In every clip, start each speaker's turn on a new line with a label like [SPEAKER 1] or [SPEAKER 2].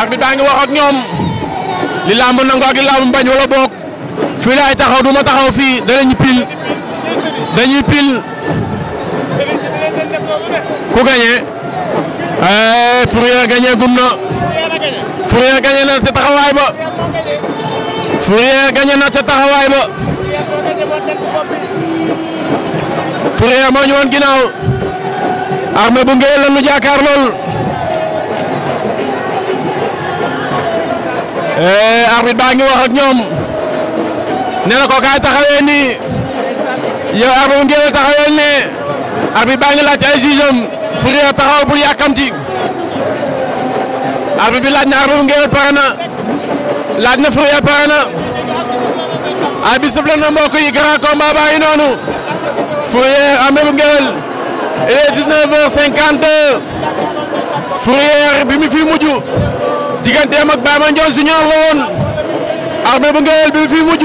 [SPEAKER 1] arbitre baa ngi wax ñoom li làmb nangu ak li làmb bañ wala boog fii laay taxaw du ma taxaw fii danañu pil dañuy pil ku gagné eh, Fourrière gagné gum na Fourrière gagné na ca na taxawaay ba Fourrière moo ñu woon ginnaaw armée bu ngëwël la nu jaakaar lool Eh, arbitre baa ngi wax ñoom nee na ko kaay taxawee nii baa ngi laaj ay jugeem Fourrière taxaw bul yàkkamti arbitre bi laaj na arbitre bu ngeen pare na laaj na Fourrière pare na arbitre sifflé na mbokk grand combat baa ngi noonu Fourrière arbitre bu ngeen il est 19h52 Fourrière bi mu fi mujj. digganteem ak Baye Mandione Junior la woon armée bu ngewel bi fi mujj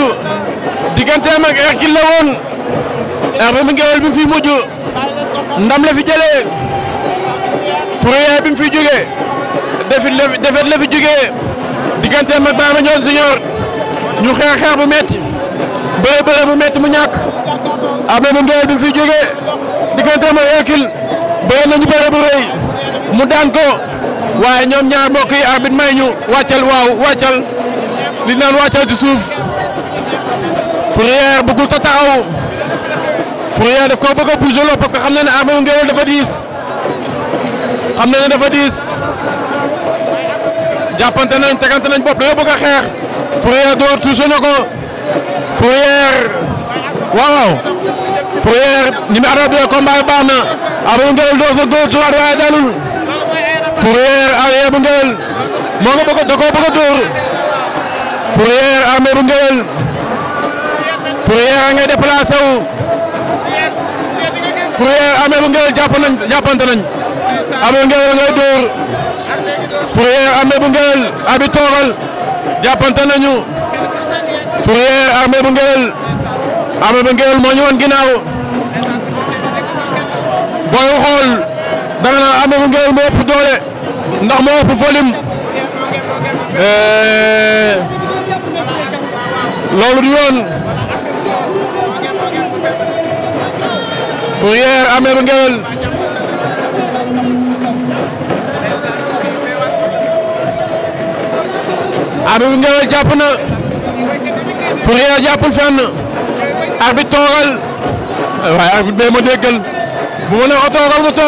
[SPEAKER 1] digganteem ak la woon armée bu ngewel bi fi mujj ndam la fi jëlee Fourrière bi fi jógee defet la fi jógee digganteem ak Baye Mandione ñu xeex bu metti bëre bëre bu metti mu ñàkk armée bu ngewel bi fi jógee digganteem ak Hercule bëre nañu bëre bu mu daan waaye ñoom ñaar mbokk yi arbitre may ñu wàccal waaw wàccal li naan wàccal ci suuf Fourrière taxaw Fourrière daf koo bëgg a bouger parce que xam na ne arme ngeen dafa diis xam na ne dafa diis jàppante nañ tegante nañ bopp dañoo bëgg a xeex Fourrière door touché na ko Fourrière waaw waaw Fourrière ni mu arrêté combat baax na arme ngeen doos na góor ci waat waaye dalul Fourrière Armée bu moo nga bëgg da koo bëgg a dóor Fourrière Armée bu Ngewel Fourrière a ngay déplacé wu Fourrière Armée bu nañ jàppante nañ bu Ngewel ngay bu Ngewel abi moo ñu woon ginnaaw booy da nga naan Ama ah, doole ndax moo ëpp volume eh, loolu du yoon Fourrière Ama bu Nguéweul Ama bu waaye arbitre bee ma bu ma ne ko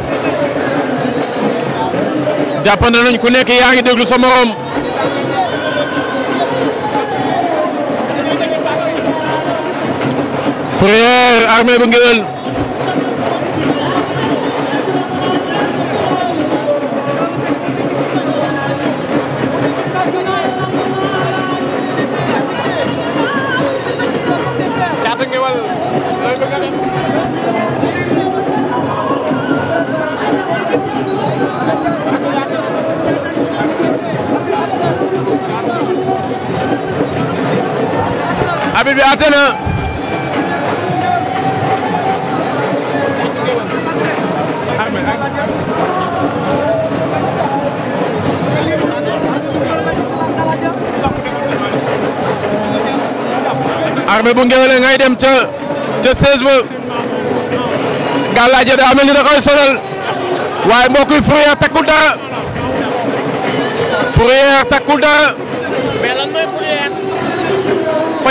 [SPEAKER 1] jàppante nañ ku nekk yaa ngi déglu sa morom. Fourrière armée bu Ngéwél. abit bi àtte na armée bu ngewele ngay dem ca ca seize ba gàllaaje da amel ni da koy sonal waaye mbokk yi Fourrière takkul dara Fourrière takkul dara mais lan mooy Fourrière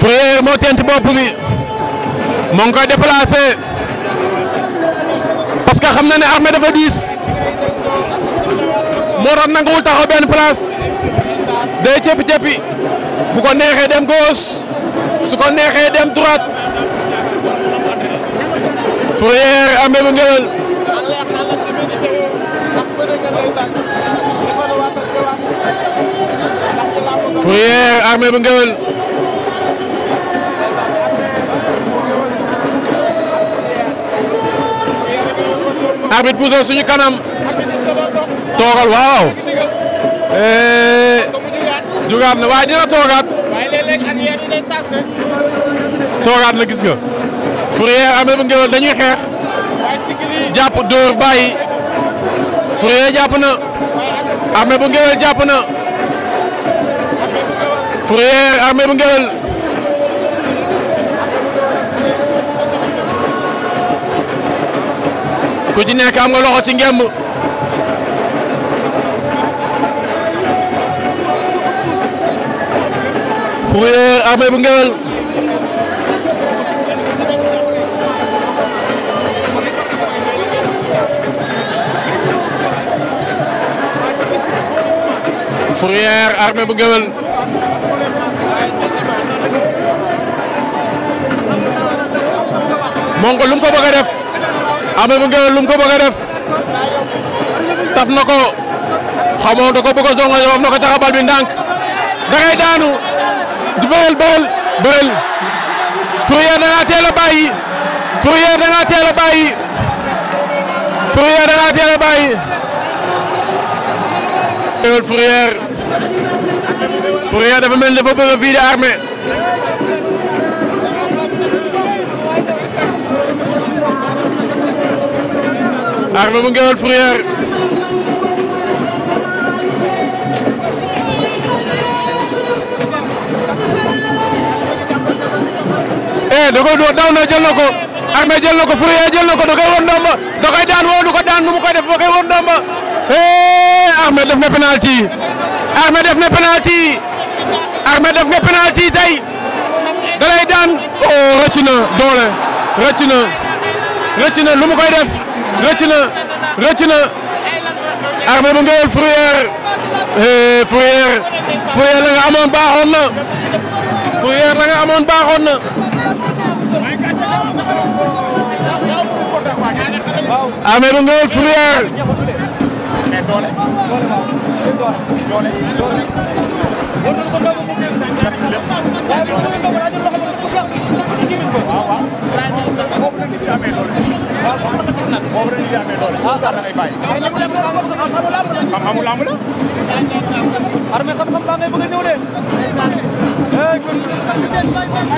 [SPEAKER 1] Fourrière moo tent bopp moo ngi koy déplacé parce que xam na ne Armé dafa diis moo tax nanguwul taxaw benn place day cëppi cëppi bu ko neexee dem gauche su ko neexee dem droite Fourrière Armé bu bu Ngéweul arbitre pousse suñu kanam eh, gis nga Fourrière am bu ngewal dañuy xeex jàpp dóor bàyyi Fourrière jàpp na armée bu ngewal jàpp na Fourrière armée bu ngewal ku ci nekk am nga loxo ci ngemb Fourrière Armé bu Ngewel Fourrière Armé bu Ngewel Mongo lu mu ko bëgg a def Ama mu ko bëgg a def taf na ko xamoon da ko bëgg a zongo na ko taxabal bi ndànk da ngay daanu di bërel bërel bërel Fourrière da ngaa teel a bàyyi Fourrière da ngaa teel a bàyyi Fourrière da ngaa teel a bàyyi. Fourrière Fourrière dafa mel a vider Armé bu Ngéweul Fourrière eh da koy doo daw na jël na ko Armé jël na ko Fourrière jël na ko da koy won ndomba da koy daan woo du ko daan nu mu koy def ba koy won ndomba eh Armé def na penalty Armé def na penalty Armé def na penalty tey da lay daan oh rëcc na doole rëcc na rëcc na lu mu koy def. rëcc na rëcc na Armé bu Ngéwél Fourrière eh, Fourrière Fourrière la nga amoon baaxoon na Fourrière la nga amoon baaxoon na Armé bu Ngéwél Fourrière doole ah da ngay bàyyi. xam-xamu lamb la. armé xam-xam baa ngay bëgg a ñëw de.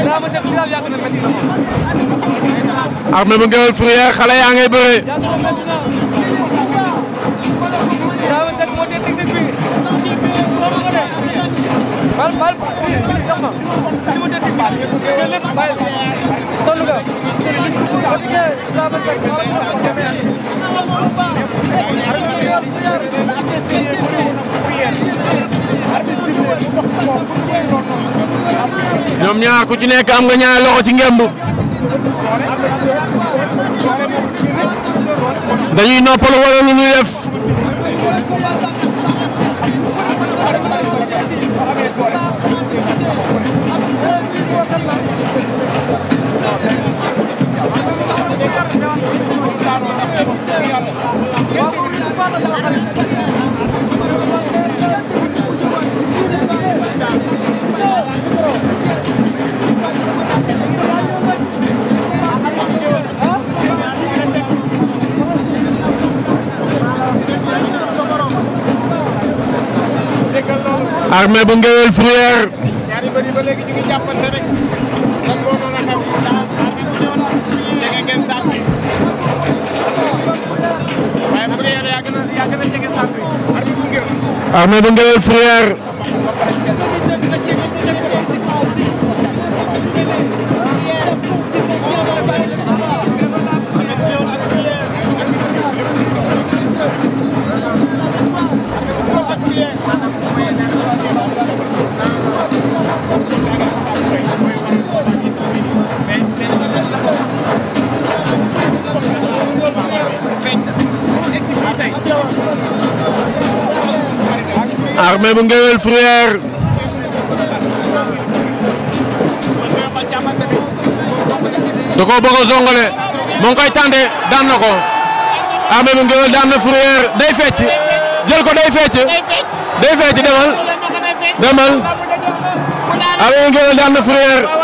[SPEAKER 1] daa ma seet daal yàgg na métti na moom. armé bu Ngéwél Fourrière xale yaa ngay bëree. daa ma seet moo dee technique bi. sonn nga de. bal bal bi li ma dee technique bi. sonn nga. ñoom ñaar ku ci nekk am nga ñaari loxo ci ngemb. armée bu Ngéwél Fourrière armée bu Ngéwél Fourrière armée bu ngewel Fourrière da koo bëgg a zongale koy tànte daan na ko armée bu ngewel daan na Fourrière day fecc jël ko day fecc day fecc demal demal armée bu ngewel daan na Fourrière